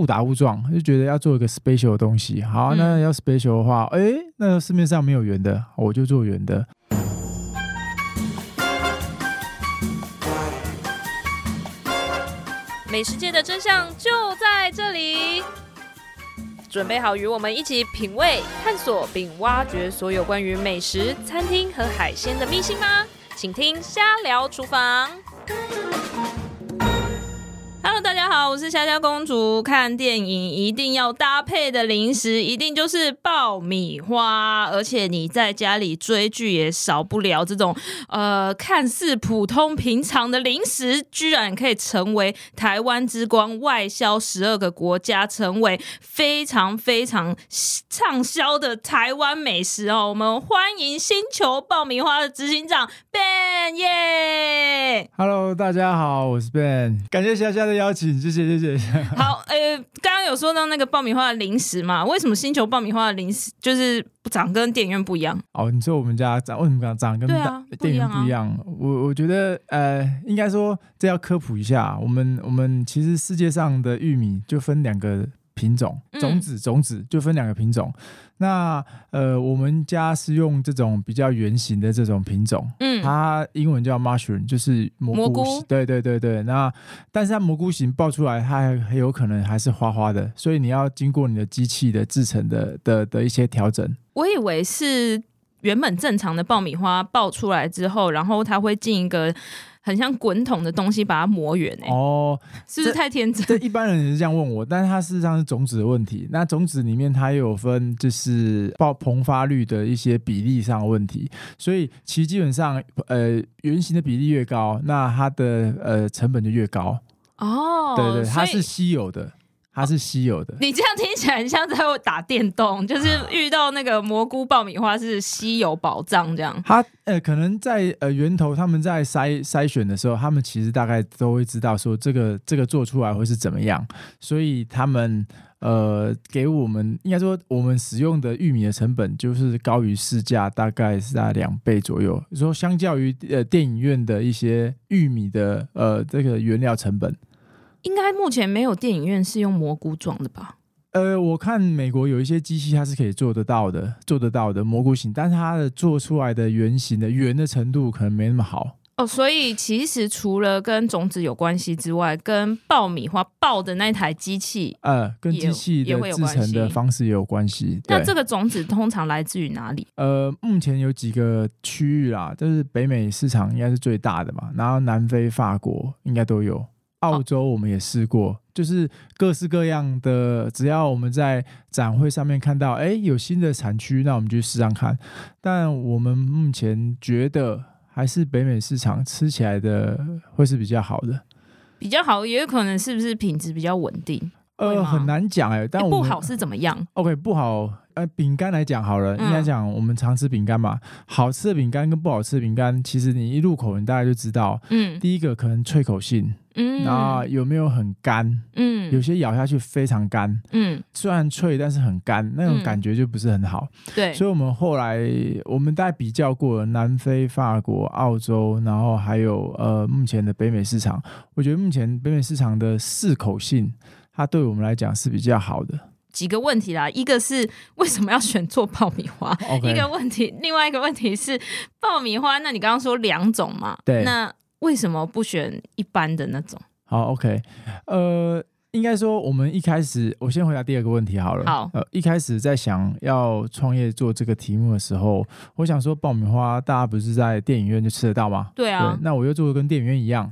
誤打誤撞就覺得要做一個 special 的東西，好，那要 special 的話，哎、嗯欸，那市面上沒有圓的，我就做圓的。美食界的真相就在這裡，準備好與我們一起品味、探索並挖掘所有關於美食、餐廳和海鮮的秘辛嗎？請聽《蝦聊廚房》。好，我是蝦蝦公主。看電影一定要搭配的零食，一定就是爆米花。而且你在家裡追劇也少不了這種，呃，看似普通平常的零食，居然可以成為台灣之光，外銷十二個國家，成為非常非常暢銷的台灣美食哦。我們歡迎星球爆米花的執行長 Ben 耶，Yeah!Hello，大家好，我是 Ben，感謝蝦蝦的邀請。謝謝謝謝，好，呃，剛剛有說到那個爆米花的零食嘛，為什麼星球爆米花的零食就是長跟電影院不一樣？哦，你說我們家長為什麼長跟、啊啊、電影院不一樣？我我覺得，呃，應該說這要科普一下，我們我們其實世界上的玉米就分兩個。品種、種子、種子就分兩個品種。嗯、那呃，我們家是用這種比較圓形的這種品種，嗯，它英文叫 mushroom，就是蘑菇、蘑菇。對對對對，那但是它蘑菇型爆出來，它很有可能還是花花的，所以你要經過你的機器的製程的的的一些調整。我以為是原本正常的爆米花爆出來之後，然後它會進一個。很像滾筒的東西，把它磨圓誒、欸。哦，是不是太天真？對，一般人也是這樣問我，但是它事實上是種子的問題。那種子裡面它也有分，就是爆膨發率的一些比例上的問題。所以其實基本上，呃，圓形的比例越高，那它的，呃，成本就越高。哦，對對，對，它是稀有的。它是稀有的。啊，你這樣聽起來很像在打電動，就是遇到那個蘑菇，爆米花是稀有寶藏這樣。它、啊、呃，可能在呃源頭，他們在篩篩選的時候，他們其實大概都會知道說這個這個做出來會是怎麼樣，所以他們呃給我們應該說我們使用的玉米的成本就是高於市價，大概是在兩倍左右。嗯、說相較於呃電影院的一些玉米的呃這個原料成本。應該目前沒有電影院是用蘑菇狀的吧？呃，我看美國有一些機器，它是可以做得到的，做得到的蘑菇型。但是它的做出來的圓形的圓的程度可能沒那麼好哦。所以其實除了跟種子有關係之外，跟爆米花爆的那台機器，呃，跟機器的製程的方式也有關係，有有關係。那這個種子通常來自於哪裡？呃，目前有幾個區域啦，就是北美市場應該是最大的嘛，然後南非、法國應該都有。澳洲我們也試過，哦，就是各式各樣的，只要我們在展會上面看到，哎，有新的產區，那我們就試上看。但我們目前覺得還是北美市場吃起來的會是比較好的，比較好，也有可能是不是品質比較穩定？呃，很難講哎、欸，但不好是怎麼樣？OK，不好。那餅乾來講好了，應該講我們常吃餅乾嘛、嗯，好吃的餅乾跟不好吃的餅乾，其實你一入口，你大概就知道。嗯，第一個可能脆口性，嗯，然後有沒有很乾，嗯，有些咬下去非常乾，嗯，雖然脆但是很乾，那種感覺就不是很好。對、嗯，所以我們後來我們大概比較過了南非、法國、澳洲，然後還有呃目前的北美市場，我覺得目前北美市場的適口性，它對我們來講是比較好的。幾個問題啦，一個是為什麼要選做爆米花？Okay，一個問題，另外一個問題是爆米花，那你剛剛說兩種嘛？對，那為什麼不選一般的那種？好，OK，呃，應該說我們一開始，我先回答第二個問題好了。好，呃，一開始在想要創業做這個題目的時候，我想說爆米花大家不是在電影院就吃得到嗎？對啊，對，那我又做的跟電影院一樣。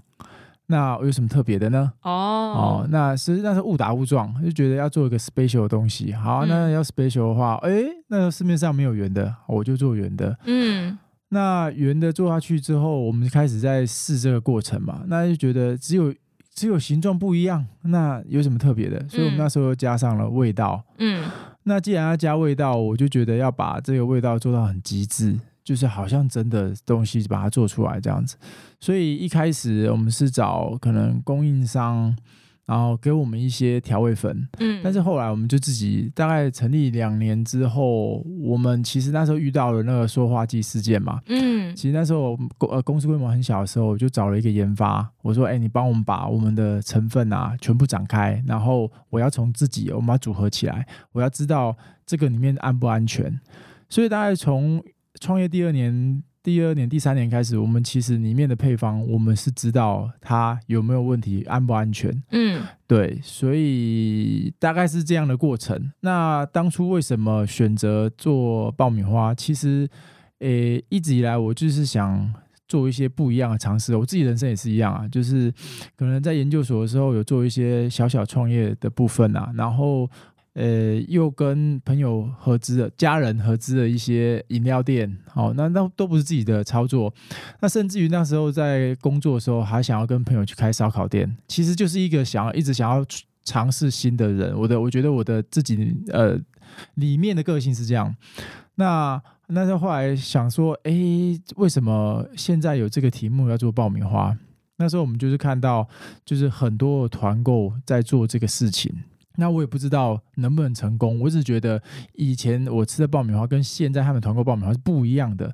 那有什麼特別的呢？哦、oh.，哦，那是那是誤打誤撞，就覺得要做一個 special 的東西。好，那要 special 的話，誒、嗯，欸、那市面上沒有圓的，我就做圓的。嗯，那圓的做下去之後，我們開始在試這個過程嘛。那就覺得只有只有形狀不一樣，那有什麼特別的？所以我們那時候又加上了味道。嗯，那既然要加味道，我就覺得要把這個味道做到很極致。就是好像真的東西把它做出來這樣子，所以一開始我們是找可能供應商，然後給我們一些調味粉。嗯，但是後來我們就自己大概成立兩年之後，我們其實那時候遇到了那個塑化劑事件嘛。嗯，其實那時候我公呃公司規模很小的時候，我就找了一個研發，我說：“哎，你幫我們把我們的成分啊全部展開，然後我要從自己我們要組合起來，我要知道這個裡面安不安全。”所以大概從創業第二年、第二年、第三年開始，我們其實裡面的配方，我們是知道它有沒有問題，安不安全？嗯，對，所以大概是這樣的過程。那當初為什麼選擇做爆米花？其實，誒，一直以來我就是想做一些不一樣的嘗試。我自己人生也是一樣啊，就是可能在研究所的時候有做一些小小創業的部分啊，然後。呃，又跟朋友合資的、家人合資的一些飲料店，好、哦，那那都不是自己的操作。那甚至於那時候在工作的時候，還想要跟朋友去開燒烤店，其實就是一個想要一直想要嘗試新的人。我的，我覺得我的自己，呃，裡面的個性是這樣。那那時候後來想說，哎、欸，為什麼現在有這個題目要做爆米花？那時候我們就是看到，就是很多團購在做這個事情。那我也不知道能不能成功，我只是覺得以前我吃的爆米花跟現在他們團購爆米花是不一樣的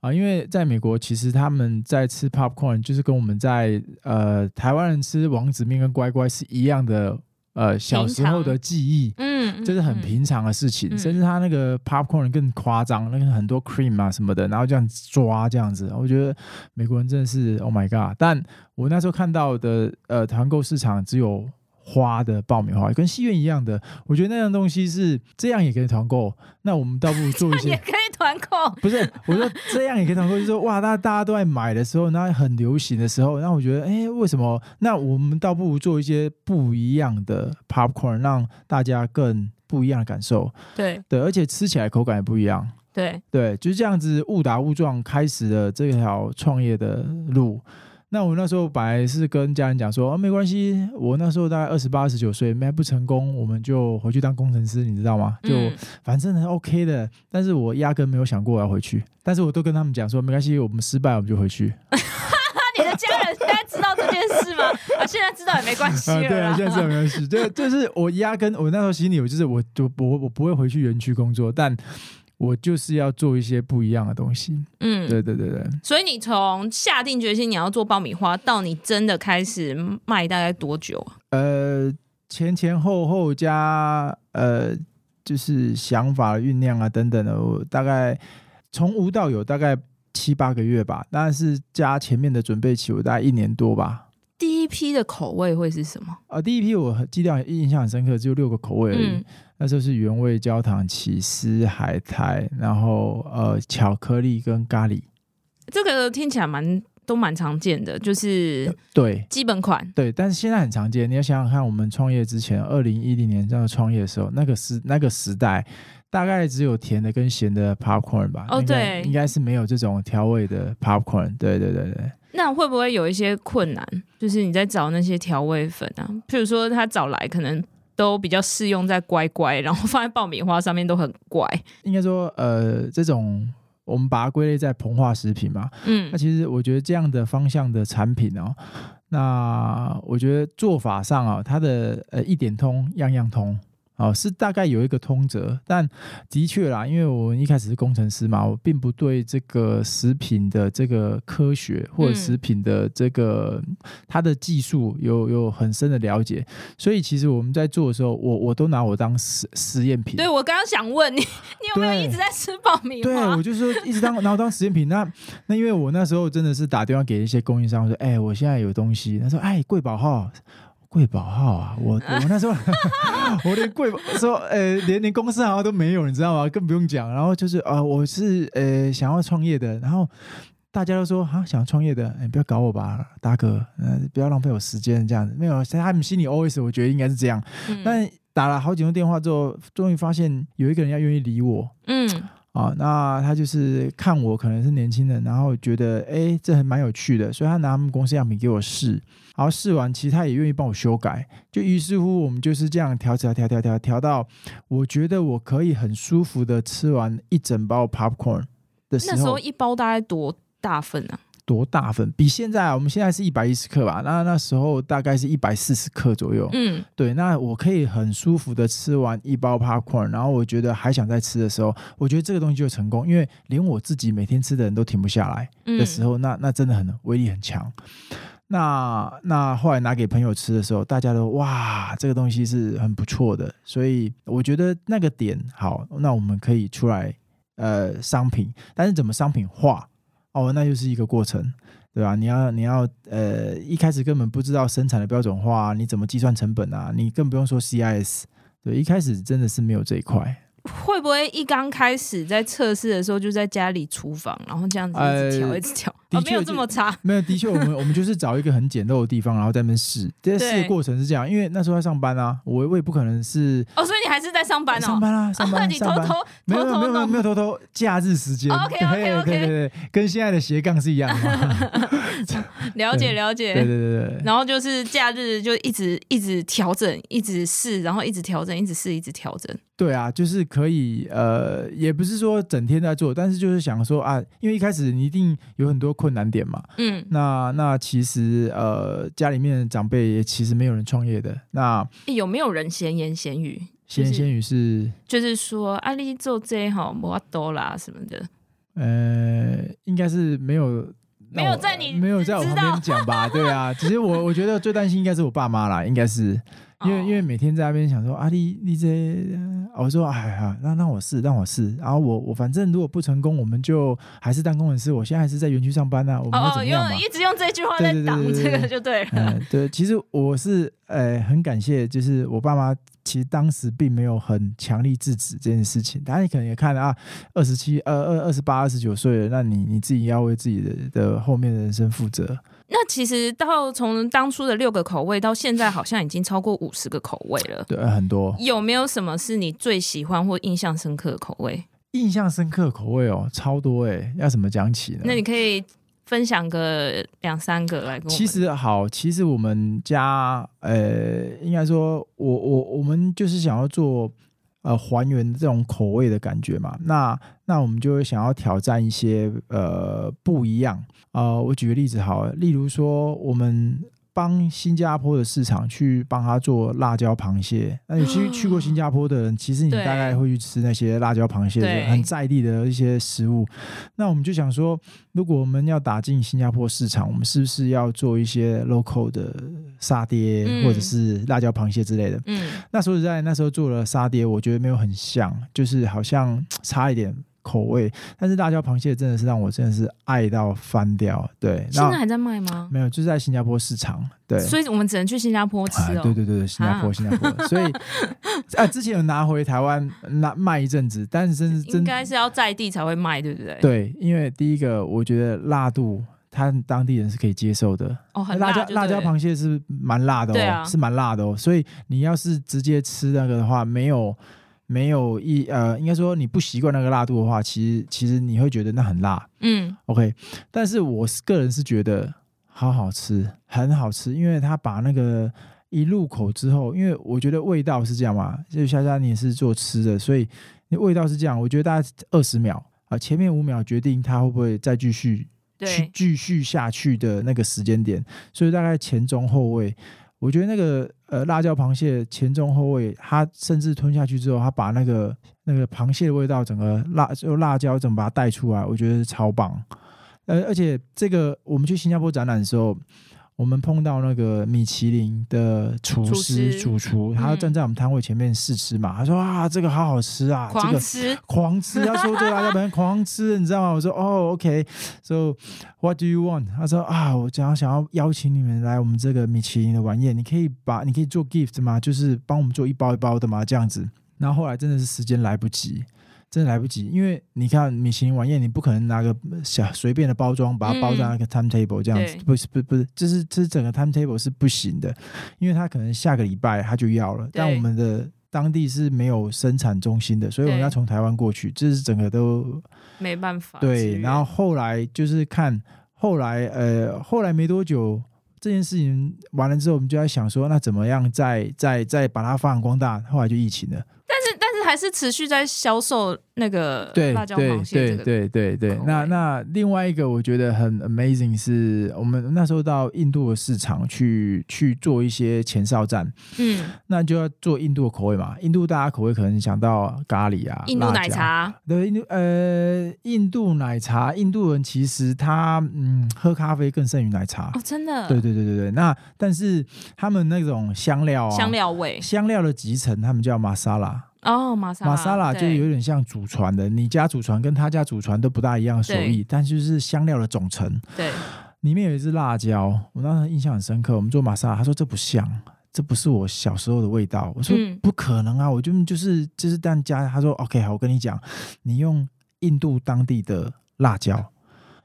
啊、呃，因為在美國其實他們在吃 popcorn 就是跟我們在呃台灣人吃王子面跟乖乖是一樣的，呃小時候的記憶，嗯，這、就是很平常的事情、嗯嗯，甚至他那個 popcorn 更誇張，那個很多 cream 啊什麼的，然後這樣抓這樣子，我覺得美國人真的是 oh my god，但我那時候看到的呃團購市場只有。花的爆米花跟戲院一樣的，我覺得那樣東西是這樣也可以團購。那我們倒不如做一些 也可以團購，不是？我說，這樣也可以團購， 就是說哇，大家都在買的時候，那很流行的時候，那我覺得哎、欸，為什麼？那我們倒不如做一些不一樣的 popcorn，讓大家更不一樣的感受。對對，而且吃起來口感也不一樣。對對，就是這樣子誤打誤撞開始了這條創業的路。那我那時候本來是跟家人講說、啊，沒關係，我那時候大概二十八、二十九歲，沒不成功，我們就回去當工程師，你知道嗎？就、嗯、反正很 OK 的。但是我壓根沒有想過要回去，但是我都跟他們講說，沒關係，我們失敗我們就回去。 你的家人現在知道這件事嗎、 啊？現在知道也沒關係。啊，對啊，現在知道沒關係。對，就是我壓根，我那時候心裡我就是我，我就我我不會回去園區工作，但。我就是要做一些不一樣的東西，嗯，對對對對。所以你從下定決心你要做爆米花，到你真的開始賣，大概多久？呃，前前後後加呃，就是想法醞釀啊等等的，我大概從無到有大概七八個月吧。但是加前面的準備期，我大概一年多吧。一批的口味會是什麼？啊，第一批我記得印象很深刻，只有六個口味而已。已、嗯。那就是原味、焦糖、起司、海苔，然後呃，巧克力跟咖喱這個聽起來蠻都蠻常見的，就是對基本款對，對。但是現在很常見，你要想想看，我們創業之前，二零一零年這樣創業的時候，那個時那個時代大概只有甜的跟鹹的 popcorn 吧？哦，對，應該，應該是沒有這種調味的 popcorn。對，對，對，對，對，對。那會不會有一些困難？就是你在找那些調味粉啊，譬如說他找來可能都比較適用在乖乖，然後放在爆米花上面都很乖。應該說，呃，這種我們把它歸類在膨化食品嘛。嗯，那、啊、其實我覺得這樣的方向的產品哦，那我覺得做法上啊、哦，它的呃一點通，樣樣通。哦，是大概有一個通則，但的確啦，因為我們一開始是工程師嘛，我並不對這個食品的這個科學或者食品的這個它的技術有有很深的了解，所以其實我們在做的時候，我我都拿我當實實驗品。對，我剛剛想問你，你有沒有一直在吃爆米花？對，對我就說一直當拿我當實驗品。 那那因為我那時候真的是打電話給一些供應商說，哎、欸，我現在有東西，他說，哎、欸，貴寶號。貴寶號啊，我我那時候 我連貴寶說呃、欸、連連公司好像都沒有，你知道嗎？更不用講。然後就是啊、呃，我是呃、欸、想要創業的，然後大家都說啊，想要創業的，哎、欸，不要搞我吧，大哥，嗯、呃，不要浪費我時間這樣子。沒有，在他們心裡，always 我覺得應該是這樣、嗯。但打了好幾通電話之後，終於發現有一個人要願意理我。嗯。啊、哦，那他就是看我可能是年輕人，然後覺得哎、欸，這還蠻有趣的，所以他拿他們公司樣品給我試，然後試完，其實他也願意幫我修改，就於是乎我們就是這樣調起調調調，調到我覺得我可以很舒服的吃完一整包 popcorn 的時候，那時候一包大概多大份啊？多大份？比現在啊，我們現在是一百一十克吧。那那時候大概是一百四十克左右。嗯，對。那我可以很舒服的吃完一包 popcorn，然後我覺得還想再吃的時候，我覺得這個東西就成功，因為連我自己每天吃的人都停不下來的時候，嗯、那那真的很威力很強。那那後來拿給朋友吃的時候，大家都哇，這個東西是很不錯的。所以我覺得那個點好，那我們可以出來呃商品，但是怎麼商品化？哦，那就是一個過程，對吧？你要，你要，呃，一開始根本不知道生產的標準化啊，你怎麼計算成本啊？你更不用說 CIS，對，一開始真的是沒有這一塊。會不會一剛開始在測試的時候就在家裡廚房，然後這樣子一直調，一直調？哦、沒有這麼差，沒有，的確，我們 我們就是找一個很簡陋的地方，然後在那邊試。在試的過程是這樣，因為那時候要上班啊，我我也不可能是。是哦，所以你還是在上班哦，上班啊，上班，上、啊、你偷上偷沒有偷偷沒有沒有,沒有偷偷，假日時間。OK 可以 OK OK，對對對跟現在的斜槓是一樣的。 了解了解，對對對對。然後就是假日就一直一直調整，一直試，然後一直調整，一直試，一直調整。對啊，就是可以呃，也不是說整天在做，但是就是想說啊，因為一開始你一定有很多困。困難點嘛，嗯，那那其實呃，家裡面的長輩也其實沒有人創業的，那、欸、有沒有人閒言閒語？閒、就是、閒言閒語是就是說阿利、啊、做這行摩多啦什麼的，呃，應該是沒有，沒有在你、呃、沒有在我旁邊講吧？ 對啊，其實我我覺得最擔心應該是我爸媽啦，應該是。因為因為每天在那邊想說啊你你這，啊、我說哎呀，那那我試，讓我試。然、啊、後我我反正如果不成功，我們就還是當工程師，我現在還是在園區上班呢、啊。哦，用一直用這句話在擋，對對對對對對對對，這個就對了。嗯，對，其實我是呃很感謝，就是我爸媽其實當時並沒有很強力制止這件事情。大家可能也看了啊，二十七、二二二十八、二十九歲了，那你你自己要為自己的的後面的人生負責。那其實到從當初的六個口味到現在，好像已經超過五十個口味了。對，很多。有沒有什麼是你最喜歡或印象深刻的口味？印象深刻的口味哦，超多誒，要怎麼講起呢？那你可以分享個兩三個來講。其實好，其實我們家呃，應該說我我我們就是想要做。呃，還原這種口味的感覺嘛，那那我們就會想要挑戰一些呃不一樣啊，呃，我舉個例子好了，例如說我們。幫新加坡的市場去幫他做辣椒螃蟹，那有些去過新加坡的人，嗯，其實你大概會去吃那些辣椒螃蟹，很在地的一些食物。那我們就想說，如果我們要打進新加坡市場，我們是不是要做一些 local 的沙爹，嗯、或者是辣椒螃蟹之類的？嗯、那說實在，那時候做了沙爹，我覺得沒有很像，就是好像差一點。口味，但是辣椒螃蟹真的是讓我真的是愛到翻掉。對，現在還在賣嗎？沒有，就是在新加坡市場。對，所以我們只能去新加坡吃。哦。對、啊、對對對，新加坡，啊、新加坡。所以，啊、 呃，之前有拿回台灣，呃、賣一陣子，但是真應該是要在地才會賣，對不對？對，因為第一個，我覺得辣度，他當地人是可以接受的。哦，辣，辣椒，辣椒螃蟹是蠻辣的哦。啊，是蠻辣的哦。所以你要是直接吃那個的話，沒有。沒有一，呃，應該說你不習慣那個辣度的話，其實其實你會覺得那很辣，嗯，OK。但是我個人是覺得好好吃，很好吃，因為它把那個一，入口之後，因為我覺得味道是這樣嘛，就蝦蝦，你也是做吃的，所以那味道是這樣。我覺得大概二十秒啊，呃，前面五秒決定它會不會再繼續去繼續下去的那個時間點，所以大概前中後味。我覺得那個呃辣椒螃蟹前中後味，它甚至吞下去之後，它把那個那個螃蟹的味道整個辣就辣椒整個把它帶出來，我覺得超棒。而、呃、而且這個我們去新加坡展覽的時候。我們碰到那個米其林的廚師主，主廚，他站在我們攤位前面試吃嘛，嗯、他說：“啊，這個好好吃啊！”這個狂吃，要、這個、說：“對了，家人狂吃，你知道嗎？”我說：“哦，OK。”So，what do you want？他說：“啊，我想要想要邀請你們來我們這個米其林的晚宴，你可以把你可以做 gift 嗎？就是幫我們做一包一包的嘛，這樣子。”然後後來真的是時間來不及。真來不及，因為你看米其林晚宴，你不可能拿個小隨便的包裝把它包在那個 timetable、嗯、這樣子，不是不是不是，這、就是這、就是整個 timetable 是不行的，因為他可能下個禮拜他就要了，但我們的當地是沒有生產中心的，所以我們要從台灣過去，這是整個都沒辦法。對，然後後來就是看後來呃後來沒多久這件事情完了之後，我們就在想說，那怎麼樣再再再把它發揚光大？後來就疫情了。還是持續在銷售那個辣椒螃蟹這個，對對對，對，對，對，對，那那另外一個我覺得很 amazing 是我們那時候到印度的市場去去做一些前哨站。嗯，那就要做印度的口味嘛。印度大家口味可能想到咖喱啊，印度奶茶，對，印度呃印度奶茶，印度人其實他嗯喝咖啡更勝於奶茶哦，真的，對對對對對，對。那但是他們那種香料啊，香料味，香料的集成，他們叫瑪莎拉。哦，馬薩拉就有點像祖傳的，你家祖傳跟他家祖傳都不大一樣手藝，但就是香料的總成。對，裡面有一支辣椒，我當時印象很深刻。我們做馬薩拉，他說這不像，這不是我小時候的味道。我說不可能啊，嗯、我就就是就是這樣加。他說 OK 好，我跟你講，你用印度當地的辣椒。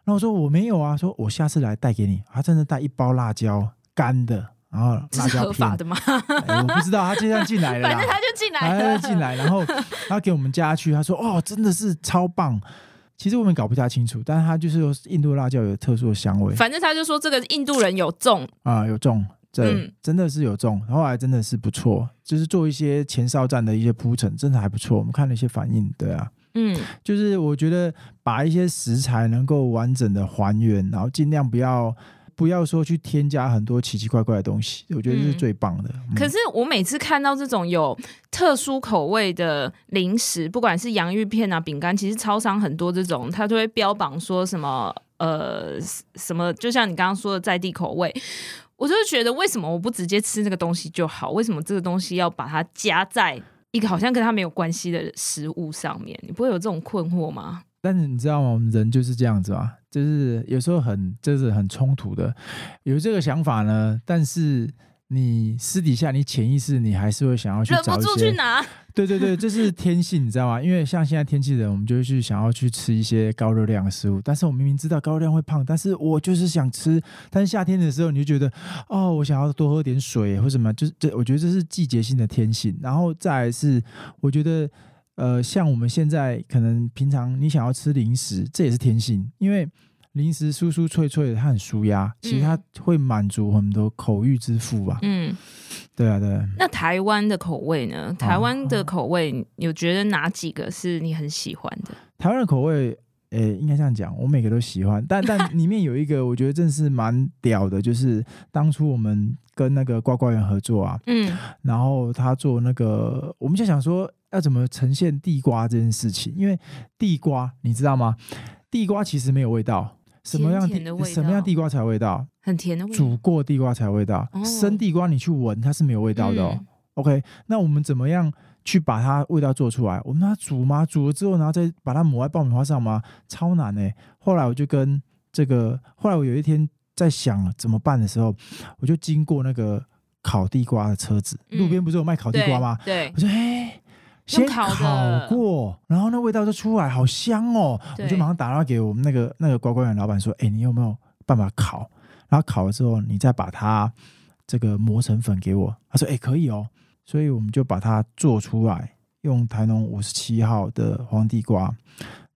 然後我說我沒有啊，說我下次來帶給你。他真的帶一包辣椒乾的。然後辣椒是合法的嗎、？ 欸？我不知道，他既然進來了，反正他就進來了，他就進來，然後他給我們加去，他說：“哦，真的是超棒。”其實我們搞不太清楚，但是他就是說印度辣椒有特殊的香味。反正他就說這個印度人有種啊、嗯，有種，對、嗯，真的是有種。後來真的是不錯，就是做一些前哨戰的一些鋪陳，真的還不錯。我們看了一些反應，對啊，嗯，就是我覺得把一些食材能夠完整的還原，然後盡量不要。不要說去添加很多奇奇怪怪的東西，我覺得是最棒的，嗯。可是我每次看到這種有特殊口味的零食，不管是洋芋片啊、餅乾，其實超商很多這種，它都會標榜說什麼呃什麼，就像你剛剛說的在地口味，我就覺得為什麼我不直接吃那個東西就好？為什麼這個東西要把它加在一個好像跟它沒有關係的食物上面？你不會有這種困惑嗎？但是你知道嗎？我們人就是這樣子啊。就是有時候很，就是很衝突的，有這個想法呢。但是你私底下，你潛意識你還是會想要去找一些。忍不住去拿。對對對， 這是天性，你知道嗎？因為像現在天氣冷，我們就會去想要去吃一些高熱量的食物。但是我明明知道高熱量會胖，但是我就是想吃。但是夏天的時候，你就覺得哦，我想要多喝點水、欸、或什麼，就是這，我覺得這是季節性的天性。然後再來是，我覺得。呃，像我們現在可能平常你想要吃零食，這也是天性，因為零食酥酥脆脆的，它很酥呀，其實它會滿足很多口欲之腹吧。嗯，對啊，對啊。那台灣的口味呢？台灣的口味，啊、你有覺得哪幾個是你很喜歡的？啊啊、台灣的口味。誒、欸，應該這樣講，我每個都喜歡，但但裡面有一個，我覺得真的是蠻屌的， 就是當初我們跟那個瓜瓜園合作啊，嗯，然後他做那個，我們就想說要怎麼呈現地瓜這件事情，因為地瓜你知道嗎？地瓜其實沒有味道，什麼樣地甜甜的味道，什麼樣地瓜才有味道？很甜的味道。煮過地瓜才有味道、哦，生地瓜你去聞它是沒有味道的、哦嗯。OK，那我們怎麼樣？去把它味道做出來，我們拿煮嗎？煮了之後，然後再把它抹在爆米花上嗎？超難欸！後來我就跟這個，後來我有一天在想怎麼辦的時候，我就經過那個烤地瓜的車子，路邊不是有賣烤地瓜嗎？嗯、對，對，我說欸，先烤過烤，然後那味道就出來，好香哦！我就馬上打電話給我們那個那個乖乖軟老闆說，欸，你有沒有辦法烤？然後烤了之後，你再把它這個磨成粉給我。他說，欸，可以哦。所以我們就把它做出來，用台農五十七號的黃地瓜。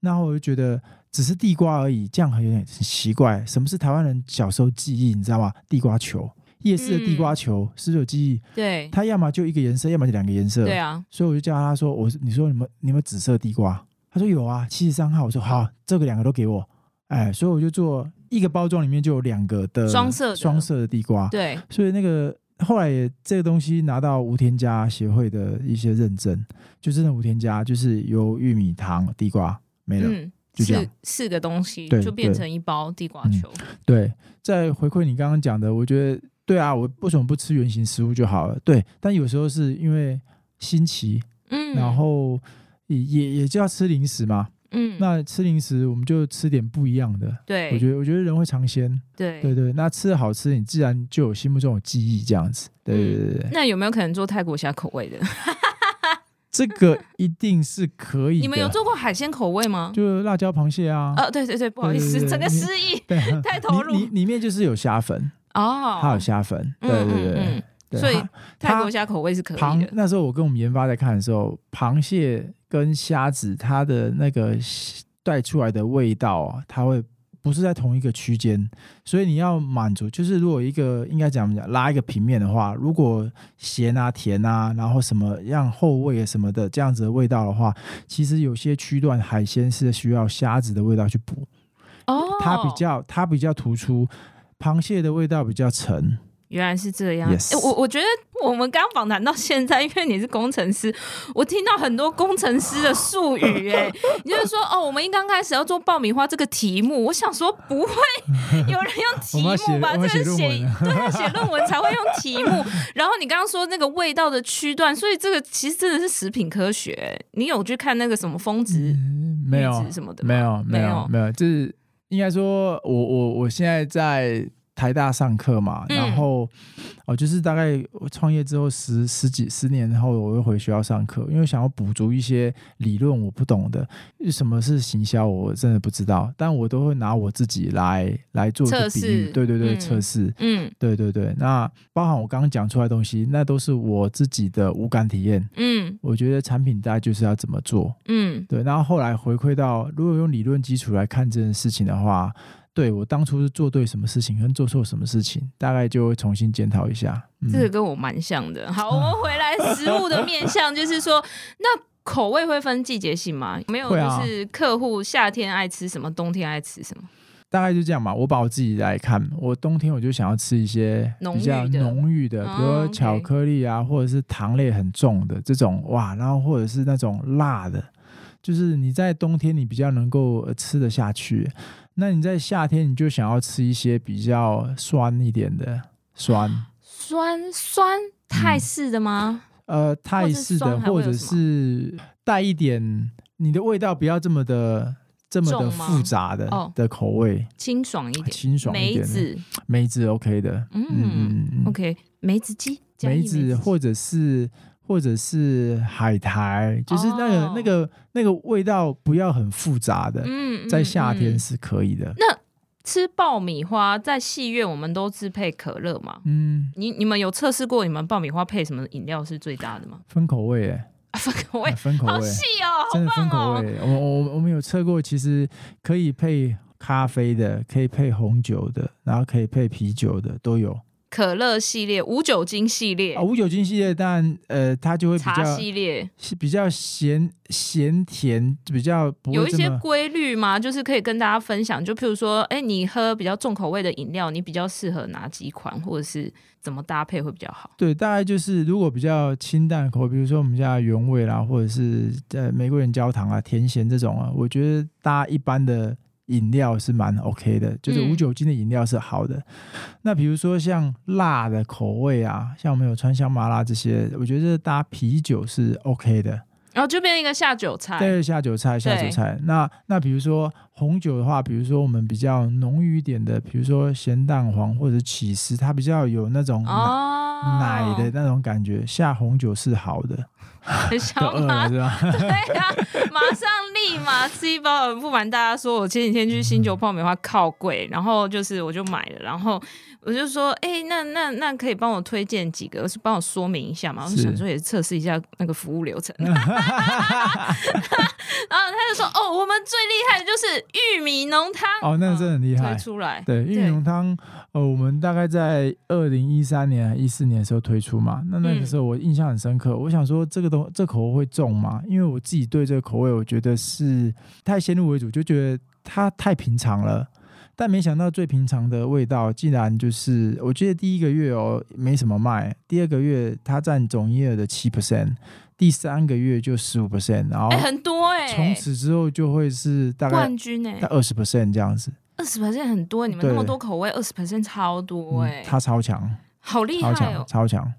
那我就覺得只是地瓜而已，這樣很有點奇怪。什麼是台灣人小時候記憶？你知道嗎？地瓜球，夜市的地瓜球，嗯、是不是有記憶？對。它要麼就一個顏色，要麼就兩個顏色。對啊。所以我就叫他說：“我，你說你們，你們紫色地瓜？”他說：“有啊，七十三號。”我說：“好，這個兩個都給我。”哎，所以我就做一個包裝裡面就有兩個的雙色雙色的地瓜。對。所以那個。後來也這個東西拿到無添加協會的一些認證，就真的無添加，就是由玉米、糖、地瓜沒了、嗯，就這樣。四,四個東西就變成一包地瓜球。嗯、對，再回饋你剛剛講的，我覺得對啊，我為什麼不吃原型食物就好了？對，但有時候是因為新奇，嗯，然後也也也就要吃零食嘛。嗯，那吃零食我們就吃點不一樣的。對，我覺得我覺得人會嚐鮮。對對對，那吃的好吃，你自然就有心目中有記憶這樣子。嗯、對對對。那有沒有可能做泰國蝦口味的？ 這個一定是可以。你們有做過海鮮口味嗎？就辣椒螃蟹啊。呃、啊，對對對，不好意思，整個失憶，太投入。裡面裡面就是有蝦粉哦，它有蝦粉。對對對，嗯嗯嗯對，所以泰國蝦口味是可以的。那時候我跟我們研發在看的時候，螃蟹跟蝦子它的那個帶出來的味道啊，它會不是在同一個區間，所以你要滿足，就是如果一個應該講講拉一個平面的話，如果鹹啊甜啊，然後什麼讓後味什麼的這樣子的味道的話，其實有些區段海鮮是需要蝦子的味道去補，哦，它比較它比較突出，螃蟹的味道比較沉。原來是這樣，Yes. 欸、我我覺得我們剛訪談到現在，因為你是工程師，我聽到很多工程師的術語、欸，哎， 你就是說哦，我們一剛開始要做爆米花這個題目，我想說不會有人用題目吧？寫這個，是寫都要寫論文，文才會用題目， 然後你剛剛說那個味道的區段，所以這個其實真的是食品科學、欸。你有去看那個什麼峰值、嗯、沒有值什麼的沒沒？沒有，沒有，沒有，就是應該說我，我我我現在在台大上課嘛，然後、嗯。哦，就是大概創業之後十十幾十年後，我又回學校上課，因為想要補足一些理論我不懂的，什麼是行銷，我真的不知道。但我都會拿我自己來來做一個比喻測試，對對對，嗯、測試，嗯，對對對。嗯、那包含我剛剛講出來的東西，那都是我自己的無感體驗，嗯，我覺得產品大概就是要怎麼做，嗯，對。然後後來回饋到，如果用理論基礎來看這件事情的話，對，我當初是做對什麼事情跟做錯什麼事情，大概就會重新檢討一下。一。嗯、這個跟我蠻像的。好，我們回來食物的面向，就是說， 那口味會分季節性嗎？有沒有，就是客戶夏天愛吃什麼、啊，冬天愛吃什麼？大概就這樣嘛。我把我自己來看，我冬天我就想要吃一些比較濃郁的、嗯、濃郁的，比如說巧克力啊、嗯，或者是糖類很重的這種哇，然後或者是那種辣的，就是你在冬天你比較能夠吃得下去，那你在夏天你就想要吃一些比較酸一點的酸，酸酸泰式的嗎、嗯？呃，泰式的，或者是帶一點你的味道，不要這麼的、嗯、這麼的複雜的的口味、哦，清爽一點、啊，清爽一點。梅子，梅子 OK 的，嗯，嗯，嗯，嗯，OK 梅子雞，梅子或者是或者是海苔，就是那個、哦、那個那個味道不要很複雜的，嗯，嗯，嗯，嗯，在夏天是可以的。那吃爆米花在戲院，我們都自配可樂嘛。嗯，你你們有測試過你們爆米花配什麼飲料是最搭的嗎？分口味耶，啊、分口味、啊，分口味，好細哦，真的分口味、好棒哦。我我我們有測過，其實可以配咖啡的，可以配紅酒的，然後可以配啤酒的，都有。可樂系列、無酒精系列啊，無酒精系列當然，呃，它就會比較茶系列是比較鹹鹹甜，比較不有一些規律嗎？就是可以跟大家分享，就譬如說，哎，你喝比較重口味的飲料，你比較適合哪幾款，或者是怎麼搭配會比較好？對，大概就是如果比較清淡口味，比如說我們家原味啦，或者是在玫瑰鹽焦糖啊、甜鹹這種啊，我覺得搭一般的。飲料是蠻 OK 的，就是無酒精的飲料是好的。嗯、那比如說像辣的口味啊，像我們有川香麻辣這些，我覺得搭啤酒是 OK 的，然、哦、後就變成一個下酒菜。對，下酒菜，下酒菜。那那比如說紅酒的話，比如說我們比較濃郁一點的，比如說鹹蛋黃或者起司，它比較有那種奶，、哦、奶的那種感覺，下紅酒是好的。很小馬，對呀、啊，馬上立馬 吃一包。不瞞大家說，我前幾天去星球爆米花靠櫃，然後就是我就買了，然後我就說，哎、欸，那那那可以幫我推薦幾個，是幫我說明一下嘛？我想說也是測試一下那個服務流程。 然後他就說，哦，我們最厲害的就是玉米濃湯。哦，那個、真的很厲害。嗯、推出來，對玉米濃湯，呃，我們大概在二零一三年、一四年的時候推出嘛。那那個時候我印象很深刻，我想說這個。這口味會重嗎？因為我自己對這個口味，我覺得是太先入為主，就覺得它太平常了。但沒想到最平常的味道，竟然就是……我記得第一個月哦，沒什麼賣；第二個月它占總營業額的七 percent；第三個月就十五 percent，然後哎，很多哎。從此之後就會是大概冠軍哎，二十 percent 這樣子，二十 percent 很多。你們那麼多口味，二十 percent 超多哎，它超強，好厲害哦，超強。超強。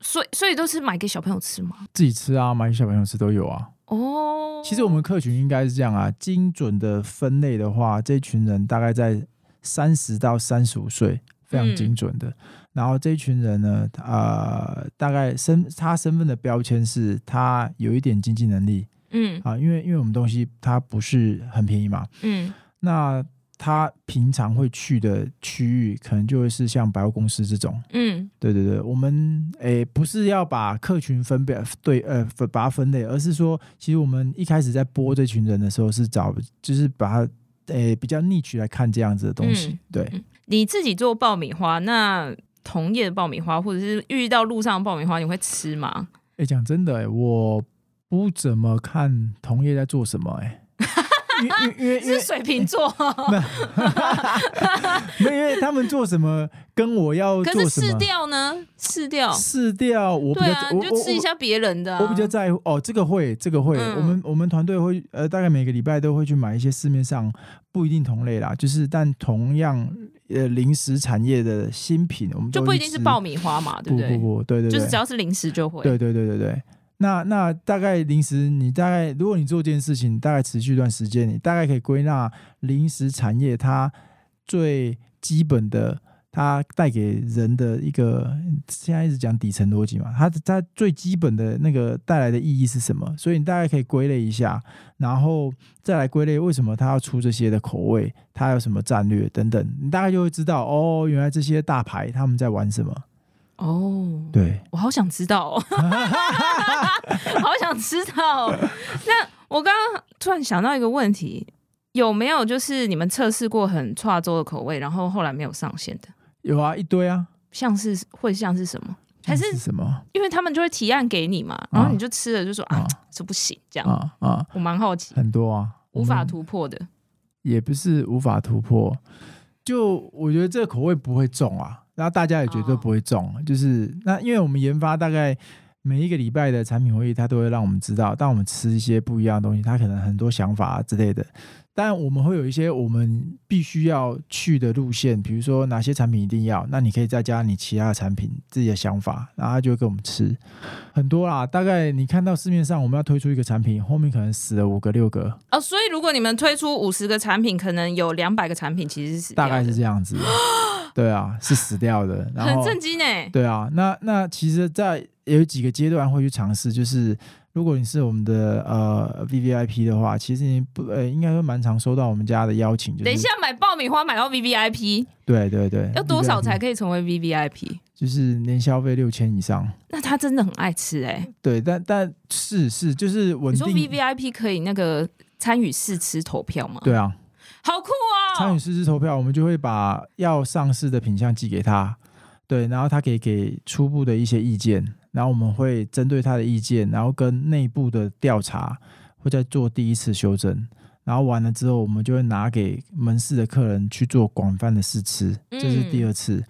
所以，所以都是買給小朋友吃嗎？自己吃啊，買給小朋友吃都有啊。哦，其實我們客群應該是這樣啊，精準的分類的話，這群人大概在三十到三十五歲，非常精準的。嗯，然後這群人呢，呃，大概身他身份的標籤是，他有一點經濟能力。嗯，啊，呃，因為因為我們東西它不是很便宜嘛。嗯，那。他平常會去的區域，可能就會是像百貨公司這種。嗯，對對對，我們誒、欸，不是要把客群分別對，呃，把它分類，而是說，其實我們一開始在播這群人的時候，是找就是把它誒、欸，比較逆 i 來看這樣子的東西、嗯。對，你自己做爆米花，那同業的爆米花，或者是遇到路上爆米花，你會吃嗎？哎、欸，講真的、欸，我不怎麼看同業在做什麼、欸，哎。因因、啊、是水瓶座，沒 有因，因為他們做什麼跟我要做什麼，可是試掉呢？試掉？試掉、啊？我比較，我就試一下別人的、啊。我比較在乎哦，這個會，這個會，嗯、我們我們團隊會呃，大概每個禮拜都會去買一些市面上不一定同類啦，就是但同樣呃零食產業的新品，我們就不一定是爆米花嘛，對不對，對？不不不，不不對，對對，就是只要是零食就會。對對對對對，對。那那大概臨時你大概，如果你做這件事情，大概持續一段時間，你大概可以歸納臨時產業它最基本的，它帶給人的一個現在一直講底層邏輯嘛，它它最基本的那個帶來的意義是什麼？所以你大概可以歸類一下，然後再來歸類為什麼它要出這些的口味，它有什麼戰略等等，你大概就會知道哦，原來這些大牌他們在玩什麼。哦、oh，對，我好想知道、哦， 好想知道、哦。 那我剛剛突然想到一個問題，有沒有就是你們測試過很誇張的口味，然後後來沒有上線的？有啊，一堆啊，像是會像是，像是什麼，還是什麼？因為他們就會提案給你嘛，然後你就吃了，就說啊，這、啊、不行這樣啊、啊。我蠻好奇，很多啊，無法突破的，也不是無法突破，就我覺得這個口味不會重啊。那大家也絕對不會中，哦、就是那因為我們研發大概每一個禮拜的產品會議，他都會讓我們知道。當我們吃一些不一樣的東西，他可能很多想法之類的。但我們會有一些我們必須要去的路線，比如說哪些產品一定要。那你可以再加你其他的產品自己的想法，然後他就會給我們吃很多啦。大概你看到市面上我們要推出一個產品，後面可能死了五個六個啊、哦。所以如果你們推出五十個產品，可能有兩百個產品其實是大概是這樣子。對啊，是死掉的。然後很震驚哎！對啊，那那其實，在有幾個階段會去嘗試。就是如果你是我們的呃 V V I P 的話，其實你不呃、欸、應該會蠻常收到我們家的邀請。就是等一下買爆米花買到 V V I P。對對對，要多少才可以成為 V V I P？就是年消費六千以上。那他真的很愛吃哎、欸。對，但但是是就是穩定。你說 V V I P 可以那個參與試吃投票嗎？對啊。好酷啊、哦！參與試吃投票，我們就會把要上市的品項寄給他，對，然後他可以給初步的一些意見，然後我們會針對他的意見，然後跟內部的調查會再做第一次修正，然後完了之後，我們就會拿給門市的客人去做廣泛的試吃，嗯，這是第二次。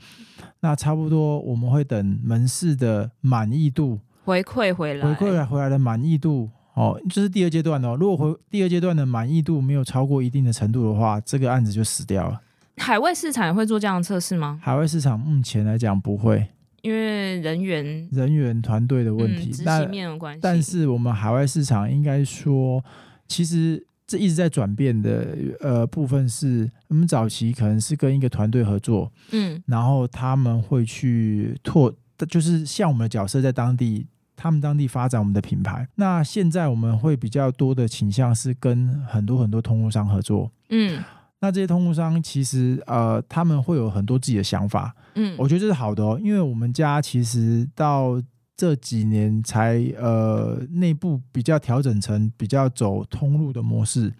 那差不多我們會等門市的滿意度回饋回來，回饋回來的滿意度。哦，就是第二階段哦。如果回第二階段的滿意度沒有超過一定的程度的話，這個案子就死掉了。海外市場也會做這樣的測試嗎？海外市場目前來講不會，因為人員、人員團隊的問題、但、嗯、執行面的關係。但是我們海外市場應該說，其實這一直在轉變的。呃，部分是我們早期可能是跟一個團隊合作，嗯，然後他們會去拓，就是像我們的角色在當地。他們當地發展我們的品牌，那現在我們會比較多的傾向是跟很多很多通路商合作。嗯，那這些通路商其實呃他們會有很多自己的想法。嗯，我覺得這是好的哦，因為我們家其實到這幾年才呃內部比較調整成比較走通路的模式，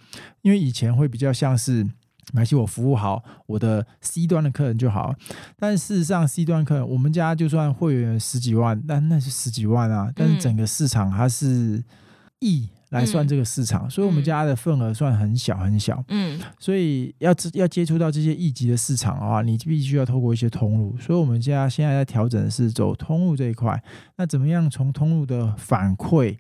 因為以前會比較像是。買起我服務好我的 C 端的客人就好，但事實上 C 端客人我們家就算會員十幾萬，但那是十幾萬啊，但是整個市場它是億、e、來算這個市場，嗯、所以我們家的份額算很小很小。嗯，所以要要接觸到這些億、e、級的市場的話，你必須要透過一些通路，所以我們家現在在調整的是走通路這一塊。那怎麼樣從通路的反饋，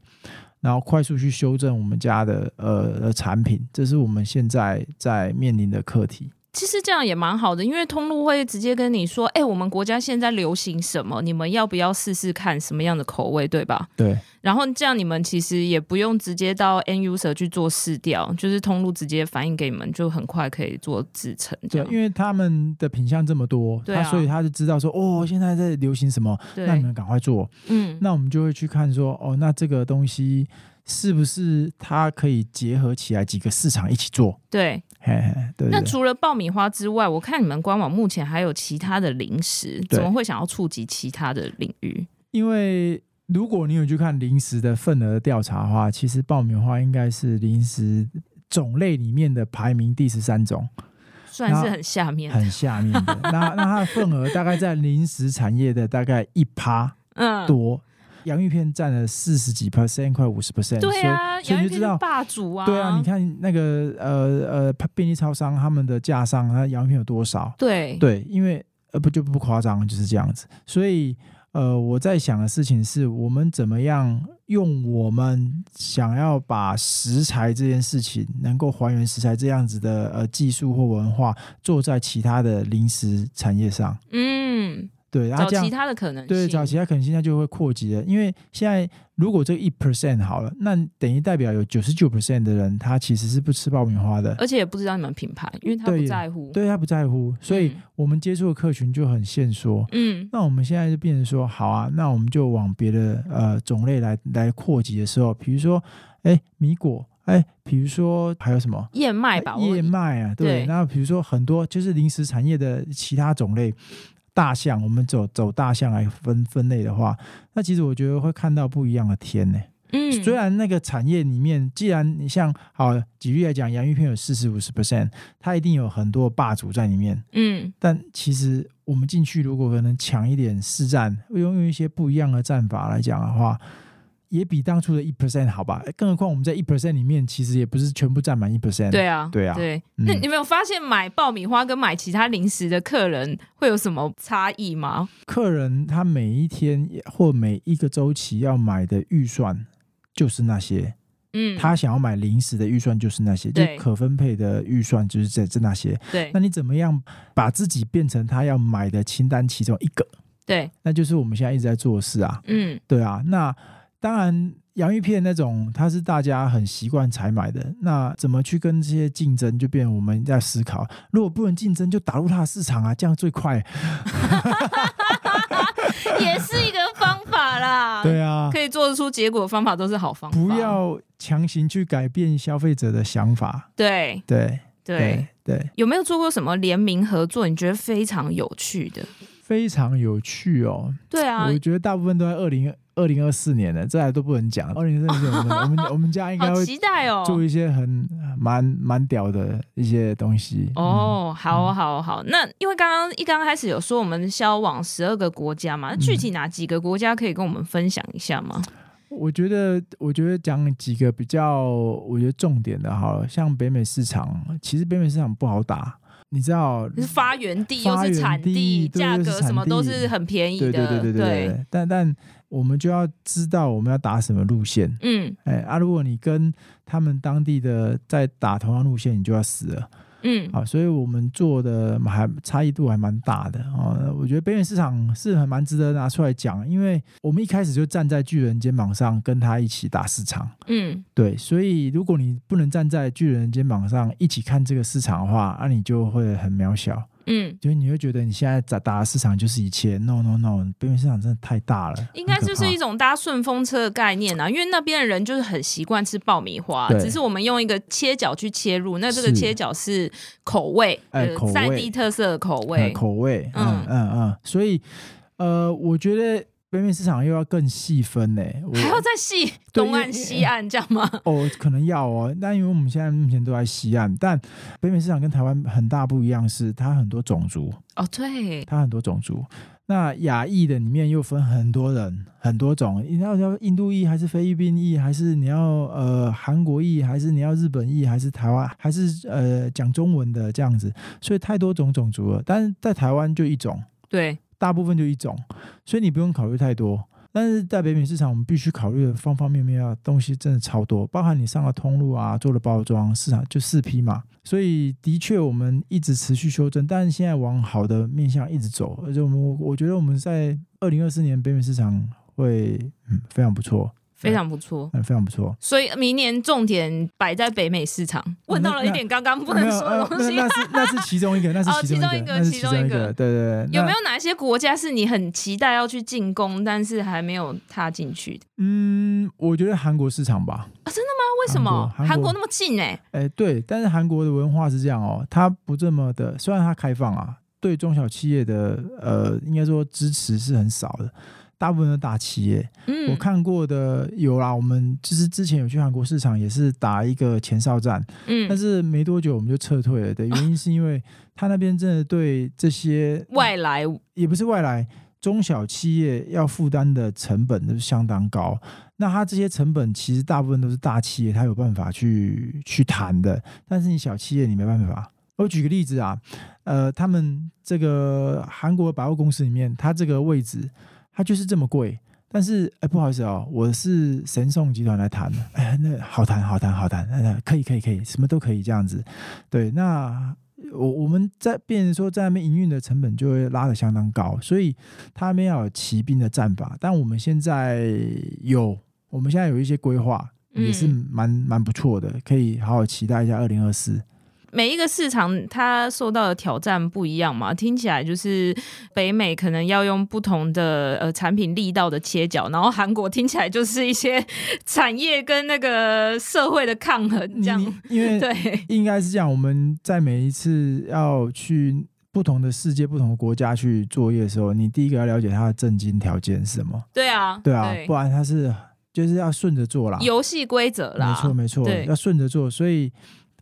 然後快速去修正我們家的呃的產品，這是我們現在在面臨的課題。其實這樣也蠻好的，因為通路會直接跟你說，哎、欸，我們國家現在流行什麼，你們要不要試試看什麼樣的口味，對吧？對。然後這樣你們其實也不用直接到 end user 去做試調，就是通路直接反映給你們，就很快可以做製成。對，因為他們的品相這麼多，對、啊、所以他就知道說，哦，現在在流行什麼對，那你們趕快做。嗯，那我們就會去看說，哦，那這個東西。是不是它可以結合起來幾個市場一起做？對， 對,對,對。那除了爆米花之外，我看你們官網目前還有其他的零食，怎麼會想要觸及其他的領域？因為如果你有去看零食的份額調查的話，其實爆米花應該是零食種類裡面的排名第十三種，算是很下面的、很下面的。 那那它的份額大概在零食產業的大概一趴嗯多。嗯洋芋片佔了四十幾 percent，快五十 percent。對啊，所以你就知道霸主啊！對啊，你看那個呃呃便利超商他們的架上，它洋芋片有多少？對對，因為呃不就不誇張，就是這樣子。所以呃，我在想的事情是，我們怎麼樣用我們想要把食材這件事情，能夠還原食材這樣子的呃技術或文化，做在其他的零食產業上？嗯。對，然、啊、後這樣找其他的可能，對找其他可能性，現就會擴及了。因為現在如果這一 percent 好了，那等於代表有九十九 percent 的人，他其實是不吃爆米花的，而且也不知道你們品牌，因為他不在乎，對，對他不在乎。所以我們接觸的客群就很限縮。嗯，那我們現在就變成說，好啊，那我們就往別的呃種類來來擴及的時候，比如說，哎，米果，哎，比如說還有什麼燕麥吧、啊，燕麥啊，對。對那比如說很多就是零食產業的其他種類。大象，我們走走大象來分分類的話，那其實我覺得會看到不一樣的天呢、欸。嗯，雖然那個產業裡面，既然你像好舉例來講，洋芋片有四十五十 percent，它一定有很多霸主在裡面。嗯，但其實我們進去如果可能搶一點四戰，用用一些不一樣的戰法來講的話。也比當初的一 percent 好吧？更何況我們在一 percent 裡面，其實也不是全部佔滿一 percent。對啊，對啊，對。嗯、那你有沒有發現買爆米花跟買其他零食的客人會有什麼差異嗎？客人他每一天或每一個週期要買的預算就是那些，嗯，他想要買零食的預算就是那些，對就可分配的預算就是這這那些。對，那你怎麼樣把自己變成他要買的清單其中一個？對，那就是我們現在一直在做的事啊。嗯，對啊，那。當然，洋芋片那種它是大家很習慣採買的，那怎麼去跟這些競爭，就變我們在思考。如果不能競爭，就打入它的市場啊，這樣最快， 也是一個方法啦。對啊，可以做得出結果的方法都是好方法。不要強行去改變消費者的想法。對對對對，對，有沒有做過什麼聯名合作？你覺得非常有趣的？非常有趣哦。對啊，我覺得大部分都在二零。二零二四年的，這還都不能講。二零二四年，我們、 好期待哦、我們家應該會做一些很蠻蠻,蠻屌的一些東西。哦、oh, 嗯，好好好、嗯，那因為剛剛一剛開始有說我們銷往十二個國家嘛，那具體哪幾個國家可以跟我們分享一下嗎？嗯、我覺得，我覺得講幾個比較，我覺得重點的，哈，像北美市場，其實北美市場不好打。你知道，就是、發源地又是產地，價格什麼都是很便宜的。對對對對對,對,對,對,對,對,對,對,對。但但我們就要知道我們要打什麼路線。嗯，哎、欸、啊，如果你跟他們當地的在打同樣路線，你就要死了。嗯，好，所以我們做的還差異度還蠻大的啊、哦。我覺得北美市場是很蠻值得拿出來講，因為我們一開始就站在巨人肩膀上，跟他一起打市場。嗯，對，所以如果你不能站在巨人肩膀上一起看這個市場的話，那、啊、你就會很渺小。嗯，就是你會覺得你現在打打的市場就是一切，no no no，因為市場真的太大了，應該就是一種搭順風車的概念啊，因為那邊的人就是很習慣吃爆米花，只是我們用一個切角去切入，那這個切角是口味，呃，產地特色的口味，呃、口味，嗯嗯嗯，嗯，所以，呃，我覺得。北美市場又要更細分呢，欸，還要再細東岸西岸這樣嗎？哦，可能要哦。那因為我們現在目前都在西岸，但北美市場跟台灣很大不一樣是，是它很多種族哦。對，它很多種族。那亞裔的裡面又分很多人很多種，你要叫印度裔還是菲律賓裔，還是你要呃韓國裔，還是你要日本裔，還是台灣，還是呃講中文的這樣子。所以太多種種族了，但是在台灣就一種。對。大部分就一種，所以你不用考慮太多。但是在北美市場，我們必須考慮的方方面面，啊，東西真的超多，包含你上了通路啊，做了包裝，市場就四批嘛，所以的確，我們一直持續修正，但是現在往好的面向一直走，而且我們我覺得我們在二零二四年北美市場會嗯非常不錯。非常不錯、嗯，嗯，非常不錯。所以明年重點擺在北美市場，啊、問到了一點剛剛不能說的東西，啊、那，那，那是那是，其中， 那是其，中、哦、其中一個，那是其中一個，其中一個。對對對，有沒有哪一些國家是你很期待要去進攻、嗯，但是還沒有踏進去的？嗯，我覺得韓國市場吧。啊，真的嗎？為什麼韓國，國那麼近、欸？哎，哎，對，但是韓國的文化是這樣哦、喔，它不這麼的，雖然它開放啊，對中小企業的呃，應該說支持是很少的。大部分都是大企業、嗯，我看過的有啦。我們就是之前有去韓國市場，也是打一個前哨戰，嗯，但是沒多久我們就撤退了。的原因是因為他那邊真的對這些外來、哦嗯，也不是外來中小企業要負擔的成本都是相當高。那他這些成本其實大部分都是大企業，他有辦法去去談的，但是你小企業你沒辦法。我舉個例子啊，呃，他們這個韓國百貨公司裡面，他這個位置。他就是這麼貴，但是哎、欸，不好意思哦、喔，我是神送集團來談的。哎、欸，那好談，好談，好談，可以，可以，可以，什麼都可以這樣子。對，那我我們在變成說在那邊營運的成本就會拉得相當高，所以他沒要有奇兵的戰法。但我們現在有，我們現在有一些規劃，也是蠻蠻不錯的，可以好好期待一下二零二四。每一個市場它受到的挑戰不一樣嘛？聽起來就是北美可能要用不同的呃產品力道的切角，然後韓國聽起來就是一些產業跟那個社會的抗衡，這樣因為對，應該是這樣。我們在每一次要去不同的世界、不同的國家去作業的時候，你第一個要了解它的政經條件是什麼。對啊，對啊，對，不然它是就是要順着做啦遊戲規則啦，沒錯，沒錯，要順着做，所以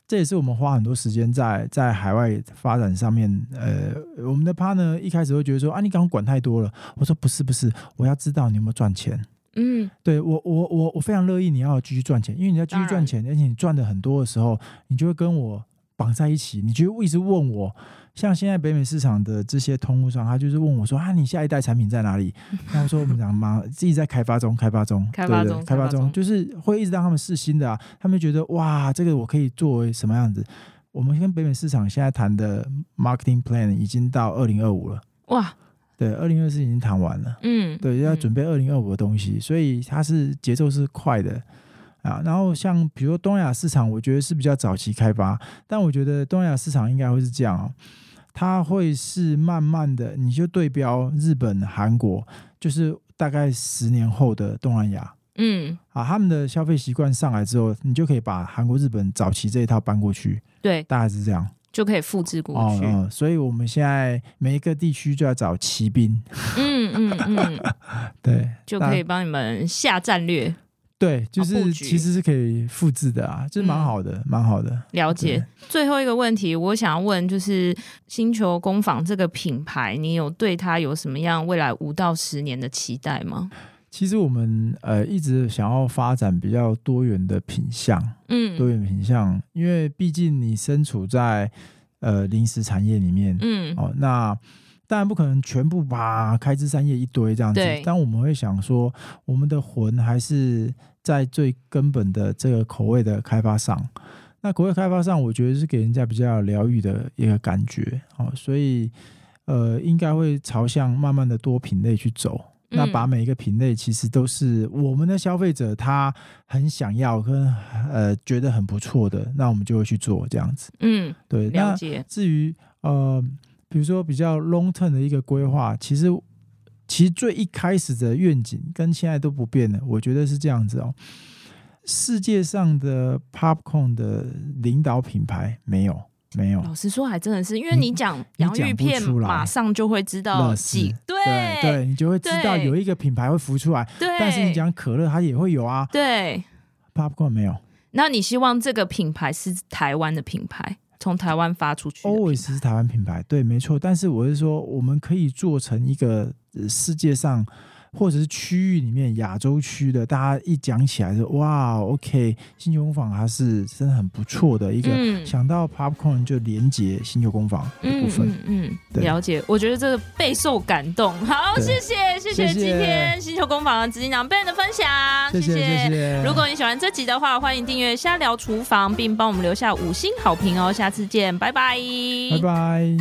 這也是我們花很多時間在在海外發展上面。呃，我們的 partner 一開始會覺得說：“啊，你剛管太多了。”我說：“不是，不是，我要知道你有沒有賺錢。”嗯，對我我我我非常樂意你要繼續賺錢，因為你要繼續賺錢，而且你賺的很多的時候，你就會跟我綁在一起，你就會一直問我。像現在北美市場的這些通路商，他就是問我說：“啊，你下一代產品在哪裡？” 然後我說：“我們講嘛，自己在開發中，開發中，開發中對，開發中，開發中，就是會一直讓他們試新的啊。他們覺得哇，這個我可以作為什麼樣子？我們跟北美市場現在談的 marketing plan 已經到二零二五了，哇，對，二零二四已經談完了，嗯，對，要準備二零二五的東西，嗯，所以它是節奏是快的啊。然後像比如說東亞市場，我覺得是比較早期開發，但我覺得東亞市場應該會是這樣，喔它會是慢慢的，你就對標日本、韓國，就是大概十年後的東南亞，嗯，啊，他們的消費習慣上來之後，你就可以把韓國、日本早期這一套搬過去，對，大概是這樣，就可以複製過去。哦、嗯，所以我們現在每一個地區就要找奇兵，嗯嗯嗯，嗯 對嗯，就可以幫你們下戰略。對，就是其實是可以複製的啊，這、哦就是蠻好的，嗯，蠻好的。了解，最後一個問題，我想要問就是，星球工坊這個品牌，你有對它有什麼樣未來五到十年的期待嗎？其實我們呃一直想要發展比較多元的品項，嗯，多元品項，因為畢竟你身處在呃零食產業裡面，嗯，哦，那。當然不可能全部把開枝散葉一堆這樣子，但我們會想說，我們的魂還是在最根本的這個口味的開發上。那口味開發上，我覺得是給人家比較療癒的一個感覺哦，所以呃，應該會朝向慢慢的多品類去走。嗯、那把每一個品類，其實都是我們的消費者他很想要跟呃覺得很不錯的，那我們就會去做這樣子。嗯，對。了解。那至於呃。比如說，比較 long term 的一個規劃，其實其實最一開始的願景跟現在都不變的，我覺得是這樣子哦。世界上的 popcorn 的領導品牌沒有沒有，老實說，還真的是因為你講洋芋片，馬上就會知道，是，對對，對，你就會知道有一個品牌會浮出來。對，但是你講可樂，它也會有啊。對，popcorn 沒有。那你希望這個品牌是台灣的品牌？從台灣發出去，always 是台灣品牌，對，沒錯。但是我是說，我們可以做成一個，呃，世界上。或者是區域裡面亞洲區的，大家一講起來就哇，OK，星球工坊還是真的很不錯的一個、嗯，想到 Popcorn 就連接星球工坊的部分，嗯，嗯，嗯，嗯，了解，我覺得這個備受感動，好，謝謝謝謝，謝，謝今天星球工坊的紫金狼 b e 的分享，謝謝謝謝，謝謝。如果你喜歡這集的話，歡迎訂閱瞎聊廚房，並幫我們留下五星好評哦，下次見，拜拜，拜拜。